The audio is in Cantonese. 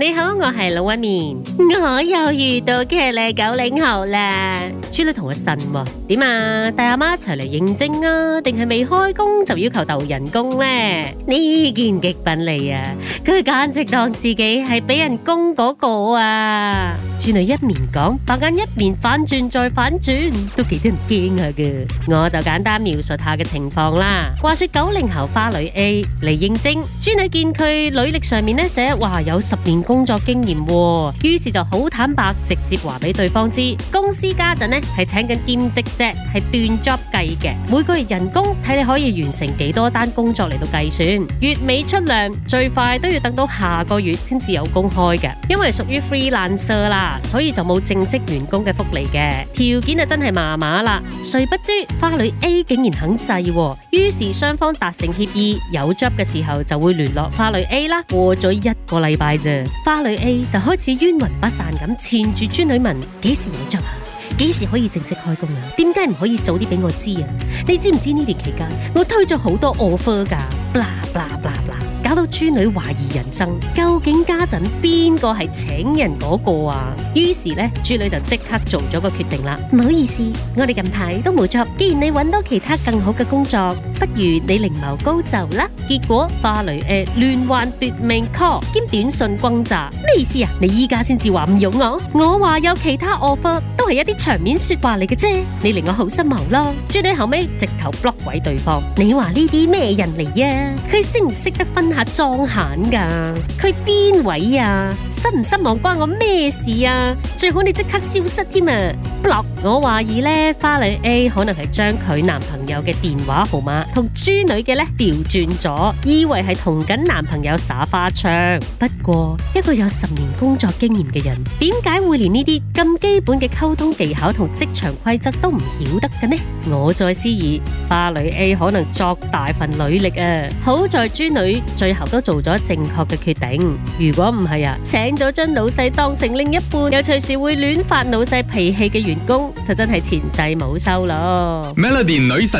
你好，我係老屈面，我又遇到茄麗九零後啦。朱女同我呻點啊？帶阿媽一齊嚟應徵啊？定係未開工就要求逗人工咧？呢件極品嚟啊！佢簡直當自己係俾人工嗰個啊！朱女一面講，白眼一面反轉再反轉，都幾得人驚下噶。我就簡單描述下嘅情況啦。話說九零後花女 A 嚟應徵，朱女見佢履歷上面咧寫，哇有十年，工作經驗，於是就好坦白直接話俾對方知，公司家陣呢係請緊兼職啫，係斷 job 計嘅，每個月人工睇你可以完成幾多單工作嚟到計算，月尾出糧，最快都要等到下個月先至有工開嘅，因為屬於 freelancer 啦，所以就冇正式員工嘅福利嘅，條件啊真係麻麻啦，誰不知花女 A 竟然肯制，於是雙方達成協議，有 job 嘅時候就會聯絡花女 A 啦，過咗一個禮拜啫。花女 A 就開始冤魂不散咁纏住尊女問幾時入職啊？幾時可以正式開工啊？點解唔可以早啲俾我知啊？你知唔知呢段期間我推咗好多 offer 㗎？Blah, blah, blah, blah. 搞到豬女懷疑人生，究竟家陣邊個係請人嗰個啊？於是咧，豬女就即刻做咗個決定啦。唔好意思，我哋近排都冇錯，既然你搵到其他更好嘅工作，不如你另謀高就啦。結果發嚟誒，連環奪命 call 兼短信轟炸，咩意思啊？你依家先至話唔用我，我話有其他 offer 都係一啲場面說話嚟嘅啫，你令我好失望咯。豬女後尾直頭 block 鬼對方，你話呢啲咩人嚟啊？佢識唔識得分下。啊裝閒噶，佢邊、啊、位啊？失唔失望關我咩事啊？最好你即刻消失添啊！blog 我懷疑咧，花女 A 可能係將佢男朋友。有嘅朋友嘅電話號碼同豬女嘅呢調轉咗，以為係同緊男朋友耍花槍。不過一個有十年工作經驗嘅人，點解會連呢啲咁基本嘅溝通技巧同職場規則都唔曉得嘅呢？我再思議，花女 A 可能作大份履歷啊。好在豬女最後都做咗正確嘅決定。如果唔係啊，請咗將老細當成另一半，又隨時會亂發老細脾氣嘅員工，就真係前世冇修咯。Melody 女神